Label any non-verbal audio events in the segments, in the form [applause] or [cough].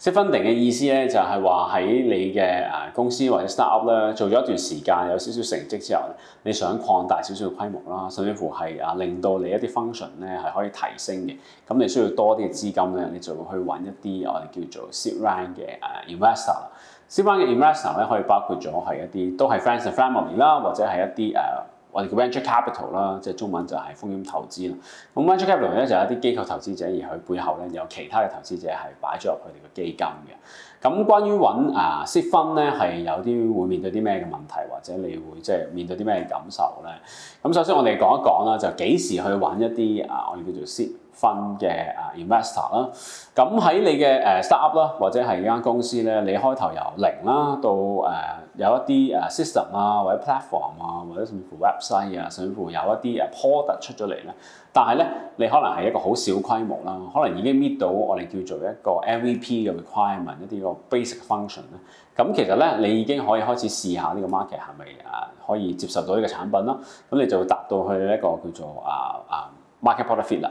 seed funding 嘅意思咧，就係話喺你嘅誒公司或者 start up 咧，做咗一段時間有少少成績之後，你想擴大少少規模啦，甚至乎係啊令到你一啲 function 咧係可以提升嘅，咁你需要多啲嘅資金咧，你就會去揾一啲我哋叫做 seed round 嘅誒 investor。seed round 嘅 investor 咧可以包括咗係一啲都係 friends and family 啦，或者係一啲誒。我哋叫 venture capital 啦，即係中文就係風險投資啦。咁 venture capital 咧就係一啲機構投資者，而佢背後咧有其他嘅投資者係擺咗入佢哋嘅基金嘅。咁關於揾啊 sit 呢係有啲會面對啲咩嘅問題，或者你會即係、就是、面對啲咩感受咧？咁首先我哋講一講啦，就幾時去揾一啲啊，我哋叫做 sit 分嘅啊，investor 啦，咁喺你嘅誒 startup 啦，或者係一間公司咧，你開頭由零啦到誒有一啲誒 system 啊，或者 platform 啊，或者甚至乎 website 啊，甚至乎有一啲誒 product 出咗嚟咧，但係咧你可能係一個好小規模啦，可能已經 meet 到我哋叫做一個 MVP 嘅 requirement，一啲個 basic function 咧，咁其實咧你已經可以開始試下呢個 market 係咪誒可以接受到呢個產品啦。咁你就會達到去一個叫做啊啊 market product fit 啦。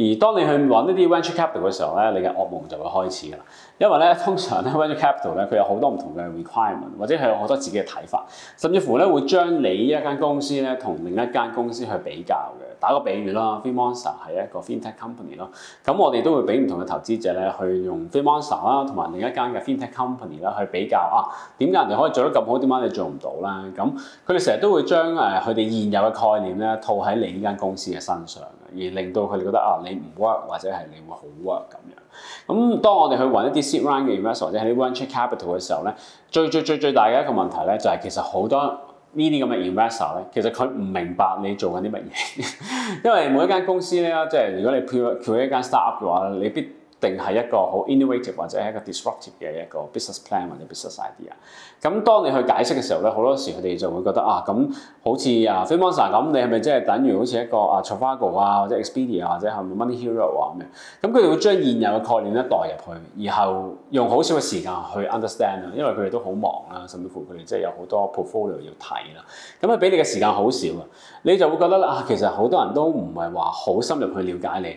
而當你去揾呢啲 venture capital 嘅時候咧，你嘅噩夢就會開始啦。因為咧，通常咧 venture capital 咧，佢有好多唔同嘅 requirement，或者佢有好多自己嘅睇法，甚至乎咧會將你呢一間公司咧同另一間公司去比較嘅。打個比喻啦，Financer 係一個 FinTech company 咯，咁我哋都會俾唔同嘅投資者咧，去用 Financer 啦，同埋另一間嘅 FinTech company 咧去比較啊，點解人哋可以做得咁好，點解你做唔到啦？咁佢哋成日都會將誒佢哋現有嘅概念咧套喺你呢間公司嘅身上，而令到佢哋覺得啊，你唔 work 或者係你會好 work 咁樣。咁當我哋去揾一啲 seed round 嘅 investor 或者啲 venture capital 嘅時候咧，最最最最大嘅一個問題咧，就係其實好多。呢啲咁嘅 investor 咧，其實佢唔明白你在做緊啲乜嘢， [laughs] 因為每一間公司咧，嗯、即係如果你配配一間 startup 嘅話，你必定係一個好 innovative 或者係一個 disruptive 嘅一個 business plan 或者 business idea。咁當你去解釋嘅時候咧，好多時佢哋就會覺得啊，咁好似啊 Freemason 咁，你係咪即係等於好似一個啊 Trafalgar 啊或者 Expedia 或者係咪 Money Hero 啊咁樣？咁佢哋會將現有嘅概念咧代入去，然後用好少嘅時間去 understand 啊，因為佢哋都好忙啦，甚至乎佢哋即係有好多 portfolio 要睇啦。咁啊，佢俾你嘅時間好少啊，你就會覺得啊，其實好多人都唔係話好深入去了解你。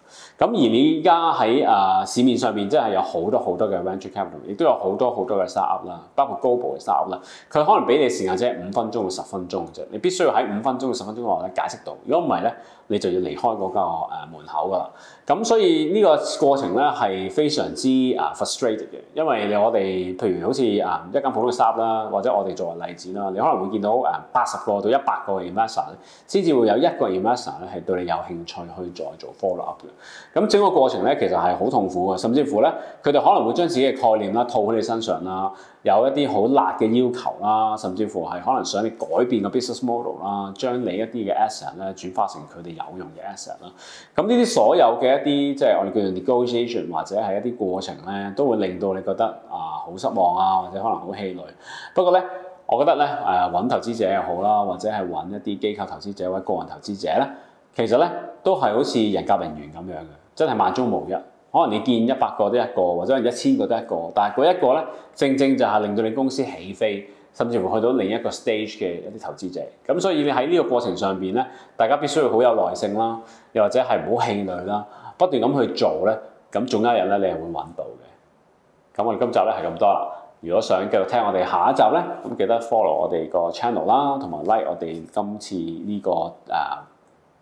咁而你依家喺啊市面上面，真係有好多好多嘅 venture capital，亦都有好多好多嘅 startup 啦，包括 global 嘅 startup 啦。佢可能俾你時間啫，五分鐘到十分鐘啫。你必須要喺五分鐘到十分鐘嘅話解釋到。如果唔係咧，你就要離開嗰間誒門口噶啦。咁、呃、所以呢個過程咧係非常之啊 frustrated 嘅，因為我哋譬如好似啊一間普通嘅 startup 啦，或者我哋作個例子啦，你可能會見到誒八十個到一百個 investor 先至會有一個 investor 咧係對你有興趣去再做 follow up 嘅。咁整個過程咧，其實係好痛苦嘅，甚至乎咧，佢哋可能會將自己嘅概念啦套喺你身上啦，有一啲好辣嘅要求啦，甚至乎係可能想你改變個 business model 啦，將你一啲嘅 asset 咧轉化成佢哋有用嘅 asset 啦。咁呢啲所有嘅一啲即係我哋叫做 negotiation 或者係一啲過程咧，都會令到你覺得啊好、呃、失望啊，或者可能好氣餒。不過咧，我覺得咧誒揾投資者又好啦，或者係揾一啲機構投資者或者個人投資者咧。其實咧都係好似人夾人緣咁樣嘅，真係萬中無一。可能你見一百個得一個，或者係一千個得一個，但係嗰一個咧，正正就係令到你公司起飛，甚至乎去到另一個 stage 嘅一啲投資者。咁所以你喺呢個過程上邊咧，大家必須要好有耐性啦，又或者係唔好氣餒啦，不斷咁去做咧，咁總有一日咧，你係會揾到嘅。咁我哋今集咧係咁多啦。如果想繼續聽我哋下一集咧，咁記得 follow 我哋個 channel 啦，同埋 like 我哋今次呢、這個誒。呃